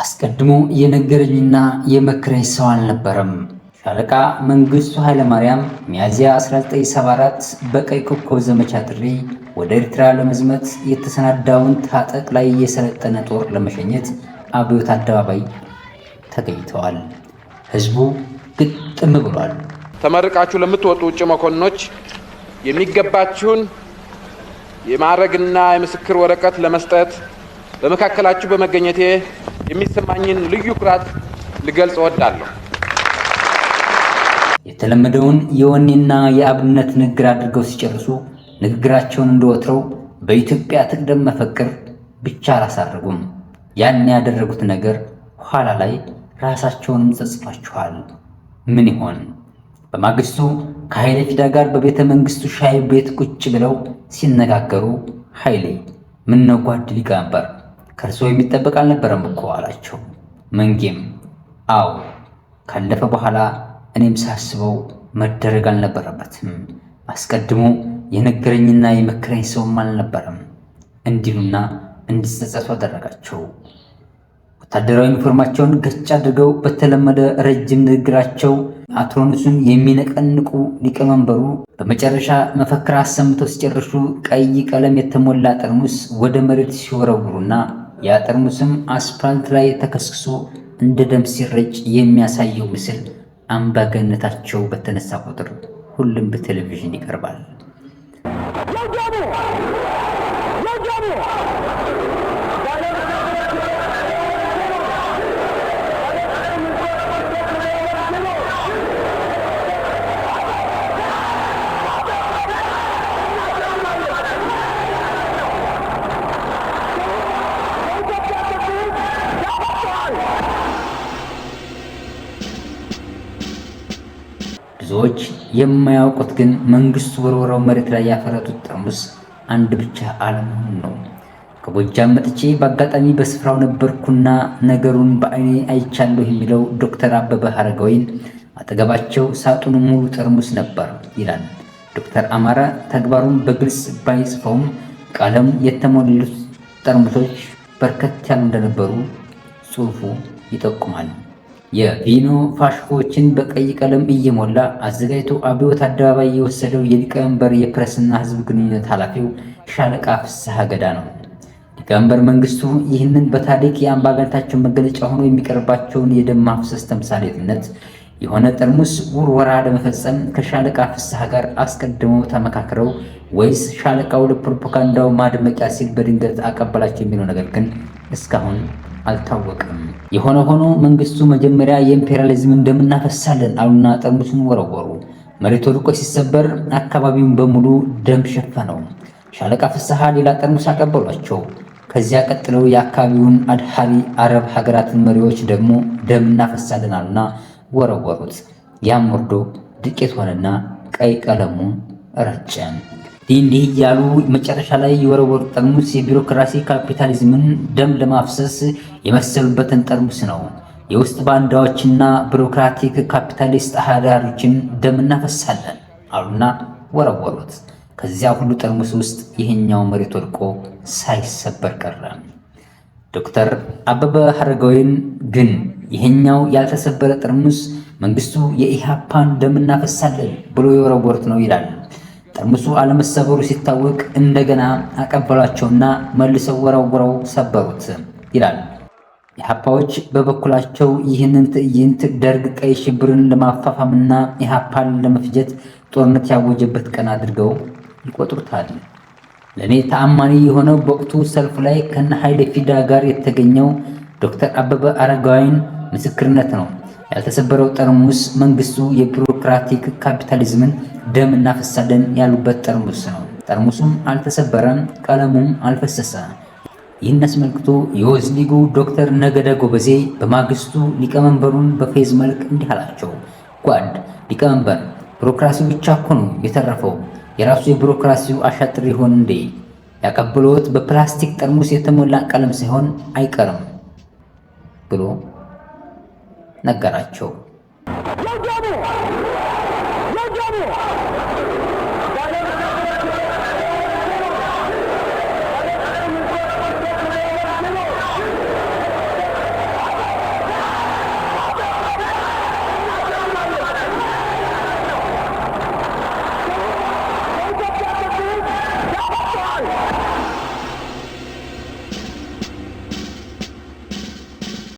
አስቀድሞ የነገረኝና የመከረኝ ሰው አልነበረም። ሻለቃ መንግስቱ ኃይለማርያም ሚያዝያ 1974 በቀይ ኮከብ ዘመቻ ጥሪ ወደ ኤርትራ ለመዝመት የተሰናዳውን ታጠቅ ላይ የሰለጠነ ጦር ለመሸኘት አብዮት አደባባይ ተገኝተዋል። ህዝቡ ግጥም ብሏል። ተመርቃችሁ ለምትወጡ ውጭ መኮንኖች የሚገባችሁን የማዕረግና የምስክር ወረቀት ለመስጠት በመካከላችሁ በመገኘቴ የሚሰማኝን ልዩ ኩራት ልገልጽ እወዳለሁ። የተለመደውን የወኔና የአብነት ንግግር አድርገው ሲጨርሱ ንግግራቸውን እንደወትረው በኢትዮጵያ ትቅደም መፈክር ብቻ አላሳረጉም። ያን ያደረጉት ነገር ኋላ ላይ ራሳቸውንም ጸጽቷችኋል። ምን ይሆን? በማግስቱ ከኃይሌ ፊዳ ጋር በቤተ መንግስቱ ሻይ ቤት ቁጭ ብለው ሲነጋገሩ ኃይሌ ምን ነው ጓድ ሊቀመንበር ከእርስዎ የሚጠበቅ አልነበረም እኮ አላቸው። መንጌም አዎ፣ ካለፈ በኋላ እኔም ሳስበው መደረግ አልነበረበትም፣ አስቀድሞ የነገረኝና የመከረኝ ሰውም አልነበረም እንዲሉና እንዲጸጸቱ አደረጋቸው። ወታደራዊ ዩኒፎርማቸውን ገጭ አድርገው በተለመደ ረጅም ንግግራቸው አትሮንሱን የሚነቀንቁ ሊቀመንበሩ በመጨረሻ መፈክር አሰምተው ሲጨርሱ ቀይ ቀለም የተሞላ ጠርሙስ ወደ መሬት ሲወረውሩና የጠርሙስም አስፋልት ላይ ተከስክሶ እንደ ደም ሲረጭ የሚያሳየው ምስል አምባገነታቸው በተነሳ ቁጥር ሁሉም በቴሌቪዥን ይቀርባል። ብዙዎች የማያውቁት ግን መንግስቱ ወርውረው መሬት ላይ ያፈረጡት ጠርሙስ አንድ ብቻ አለመሆኑን ነው። ከጎጃም መጥቼ በአጋጣሚ በስፍራው ነበርኩና ነገሩን በአይኔ አይቻለሁ የሚለው ዶክተር አበበ ሀረጋዊን አጠገባቸው ሳጥኑ ሙሉ ጠርሙስ ነበር ይላል። ዶክተር አማረ ተግባሩን በግልጽ ባይጽፈውም ቀለም የተሞሉት ጠርሙሶች በርከት ያሉ እንደነበሩ ጽሑፉ ይጠቁማል። የቪኖ ፋሽኮችን በቀይ ቀለም እየሞላ አዘጋጅቶ አብዮት አደባባይ የወሰደው የሊቀመንበር የፕሬስና ሕዝብ ግንኙነት ኃላፊው ሻለቃ ፍስሐ ገዳ ነው። ሊቀመንበር መንግስቱ ይህንን በታሪክ የአምባገነታቸው መገለጫ ሆኖ የሚቀርባቸውን የደም ማፍሰስ ተምሳሌትነት የሆነ ጠርሙስ ውርወራ ለመፈጸም ከሻለቃ ፍስሐ ጋር አስቀድመው ተመካክረው ወይስ ሻለቃው ለፕሮፓጋንዳው ማድመቂያ ሲል በድንገት አቀበላቸው የሚለው ነገር ግን እስካሁን አልታወቀም የሆነ ሆኖ መንግስቱ መጀመሪያ የኢምፔሪያሊዝም እንደምናፈሳለን አሉና ጠርሙሱን ወረወሩ። መሬቱ ወድቆ ሲሰበር አካባቢውን በሙሉ ደም ሸፈነው። ሻለቃ ፍስሐ ሌላ ጠርሙስ አቀበሏቸው። ከዚያ ቀጥለው የአካባቢውን አድሃሪ አረብ ሀገራትን መሪዎች ደግሞ ደም እናፈሳለን አሉና ወረወሩት። ያም ወርዶ ዱቄት ሆነና ቀይ ቀለሙ ረጨ። እንዲህ እያሉ መጨረሻ ላይ የወረወሩ ጠርሙስ የቢሮክራሲ ካፒታሊዝምን ደም ለማፍሰስ የመሰሉበትን ጠርሙስ ነው። የውስጥ ባንዳዎችና ቢሮክራቲክ ካፒታሊስት አህዳሪዎችን ደም እናፈሳለን አሉና ወረወሩት። ከዚያ ሁሉ ጠርሙስ ውስጥ ይህኛው መሬት ወድቆ ሳይሰበር ቀረ። ዶክተር አበበ ሀረጋዊን ግን ይህኛው ያልተሰበረ ጠርሙስ መንግስቱ የኢህአፓን ደም እናፈሳለን ብሎ የወረወሩት ነው ይላል። ጠርሙሱ አለመሰበሩ ሲታወቅ እንደገና አቀበሏቸውና መልሰው ወረውረው ሰበሩት ይላል። የሀፓዎች በበኩላቸው ይህንን ትዕይንት ደርግ ቀይ ሽብርን ለማፋፋምና የሀፓን ለመፍጀት ጦርነት ያወጀበት ቀን አድርገው ይቆጥሩታል። ለእኔ ተአማኒ የሆነው በወቅቱ ሰልፍ ላይ ከነ ኃይለ ፊዳ ጋር የተገኘው ዶክተር አበበ አረጋዊን ምስክርነት ነው። ያልተሰበረው ጠርሙስ መንግስቱ የቢሮክራቲክ ካፒታሊዝምን ደም እናፈሳለን ያሉበት ጠርሙስ ነው። ጠርሙሱም አልተሰበረም፣ ቀለሙም አልፈሰሰ። ይህን አስመልክቶ የወዝሊጉ ዶክተር ነገደ ጎበዜ በማግስቱ ሊቀመንበሩን በፌዝ መልክ እንዲህ አላቸው። ጓድ ሊቀመንበር፣ ቢሮክራሲው ብቻ እኮ ነው የተረፈው። የራሱ የቢሮክራሲው አሻጥር ይሆን እንዴ? ያቀብሎት በፕላስቲክ ጠርሙስ የተሞላ ቀለም ሳይሆን አይቀርም ብሎ ነገራቸው።